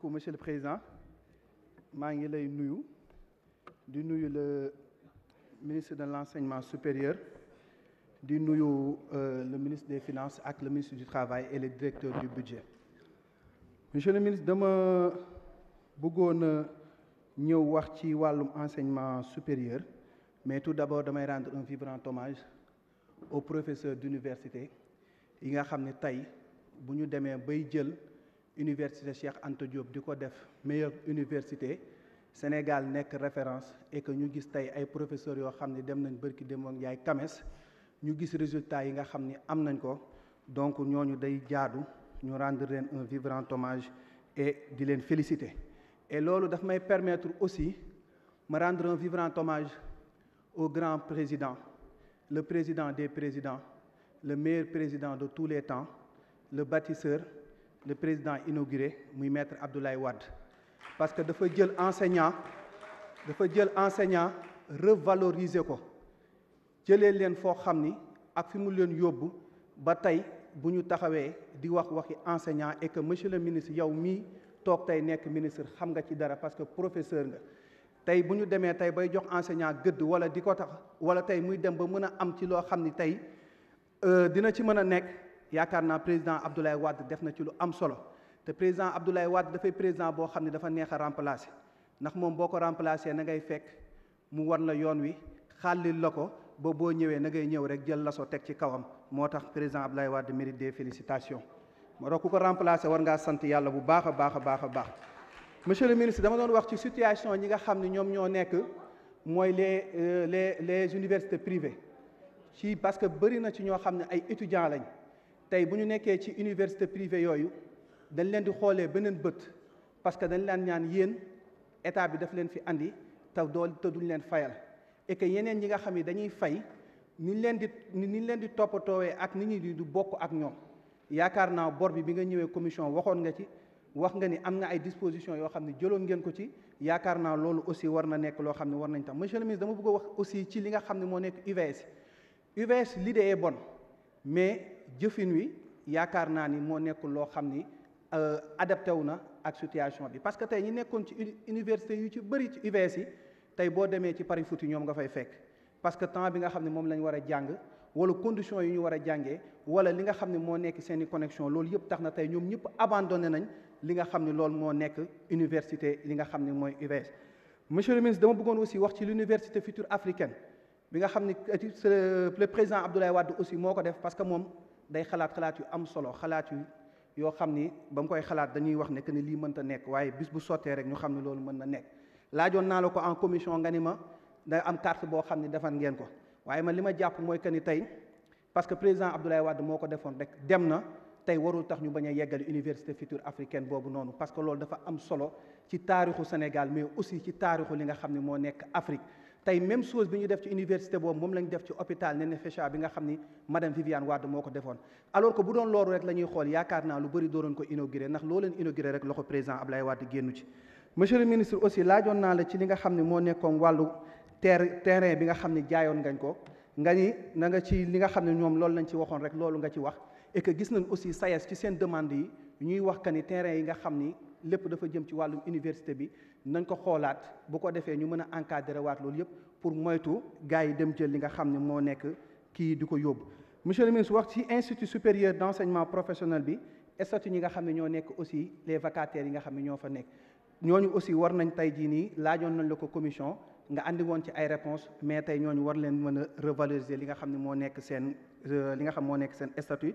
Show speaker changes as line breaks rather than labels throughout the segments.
beaucoup monsieur le président Je suis le ministre de l'enseignement supérieur euh, le ministre des finances et le ministre du travail et le directeur du budget monsieur le ministre je voudrais vous enseignement supérieur mais tout d'abord me rendre un vibrant hommage aux professeurs d'université yi nga université Cheikh Anto Diop def meilleure université Sénégal nek référence et que ñu gis tay ay professeurs yo xamni fait dem nañ bërki demoon yaay kames ñu gis résultats yi nga xamni am nañ ko donc nous day jaadu ñu rendre un vibrant hommage et di len féliciter et lolu daf may permettre aussi de rendre un vibrant hommage au grand président le président des présidents le meilleur président de tous les temps le bâtisseur le président inauguré muy maître Abdoulaye Wade parce que dafa jël enseignant dafa jël enseignant revaloriser ko jëlee leen foo xam ni ak fi mu leen yóbbu ba tey bu ñu di wax waxi enseignant et que monsieur le ministre yow mii toog tey nekk ministre xam nga ci dara parce que professeur nga tey bu ñu demee bay jox enseignant gëdd wala di ko tax wala tay muy dem ba mën a am ci euh, dina ci mën yaakaar naa président Abdoulaye Wade def na ci lu am solo te président Abdoulaye Wade dafay président boo xam ne dafa neex a remplacer ndax moom boo ko remplacer na ngay fekk mu war la yoon wi xàllil la ko ba boo ñëwee na ngay ñëw rek jël la soo teg ci kawam moo tax président Abdoulaye Wade mérite des félicitations moo tax ku ko remplacer war ngaa sant yàlla bu baax a baax a baax a baax monsieur le ministre dama doon wax ci situation ñi nga xam ne ñoom ñoo nekk mooy les euh, les les universités privées ci parce que bëri na ci ñoo xam ne ay étudiants lañ tey bu ñu nekkee ci université privée yooyu dañ leen di xoolee beneen bët parce que dañ leen ñaan yéen état bi daf leen fi indi te dool te duñ leen fayal et que yeneen ñi nga xam ne dañuy fay ni ñu leen di ni ñu leen di toppatoowee ak ni ñuy di bokk ak ñoom yaakaar naa bor bi bi nga ñëwee commission waxoon nga ci wax nga ni am na ay dispositions yoo xam ne jëloon ngeen ko ci yaakaar naa loolu aussi war na nekk loo xam ne war nañ tax monsieur le ministre dama bëgg wax aussi ci li nga xam ne moo nekk UVS UVS l'idée est bonne jëfin wi yaakaar naa ni moo nekkul loo xam ni euh, adapté wu na ak situation bi parce que tey ñi nekkoon ci université yu ci bëri ci UVS yi tey boo demee ci Paris Foot ñoom nga fay fekk parce que temps bi nga xam ne moom la war a jàng wala condition yi ñu war a jàngee wala li nga xam ne moo nekk seen i connexion loolu yëpp tax na tey ñoom ñëpp abandonné nañ li nga xam ne loolu moo nekk université li nga xam ne mooy UVS monsieur le ministre dama bëggoon aussi wax ci l'université future africaine bi nga xam ne euh, le président Abdoulaye Wade aussi moo ko def parce que moom day xalaat xalaat yu am solo xalaat yu yoo xam ni ba mu koy xalaat dañuy wax ne que ne lii ta nekk waaye bis bu sottee rek ñu xam ne loolu mën na nekk laajoon naa la ko en commission nga ni ma da am carte boo xam ne defan ngeen ko waaye ma li ma jàpp mooy que ni tey parce que président Abdoulaye Wade moo ko defoon rek dem na tey warul tax ñu bañ a yeggali université future africaine boobu noonu parce que loolu dafa am solo ci taarixu Sénégal mais aussi ci taarixu li nga xam ne moo nekk Afrique tey même chose bi ñu def ci université boobu moom lañ def ci hôpital Néné-Fécha bi nga xam ni madame Viviane Wade moo ko defoon alors que bu doon loolu rek la ñuy xool yaakaar naa lu bëri dooroon ko inauguré ndax loo leen inauguré rek loxo président Ablaye Wade génnu ci monsieur le ministre aussi laajoon naa la ci li nga xam ne moo nekkoon wàllu ter terrain bi nga xam ne jaayoon ngañ ko nga ni na nga ci li nga xam ne ñoom loolu lañ ci waxoon rek loolu nga ci wax et que gis nañ aussi sayes ci seen demande yi ñuy wax que ni terrain yi nga xam ni lépp dafa jëm ci wàllum université bi nañ ko bu ko waat pour moytu gars yi dem jël li nga monsieur le ministre wax institut supérieur d'Enseignement professionnel bi statut aussi les vacataires yi nga aussi war nañ la commission nga andi réponses mais war revaloriser statut.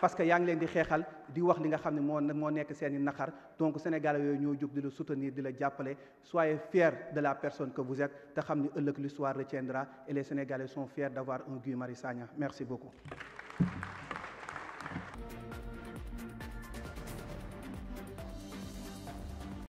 parce que yang di xéxal di wax li nga mo donc sénégalais de ñoo soutenir de le diable soyez fiers de la personne que vous êtes te xamni euleuk l'histoire retiendra et les sénégalais sont fiers d'avoir un Guy Marissania. merci beaucoup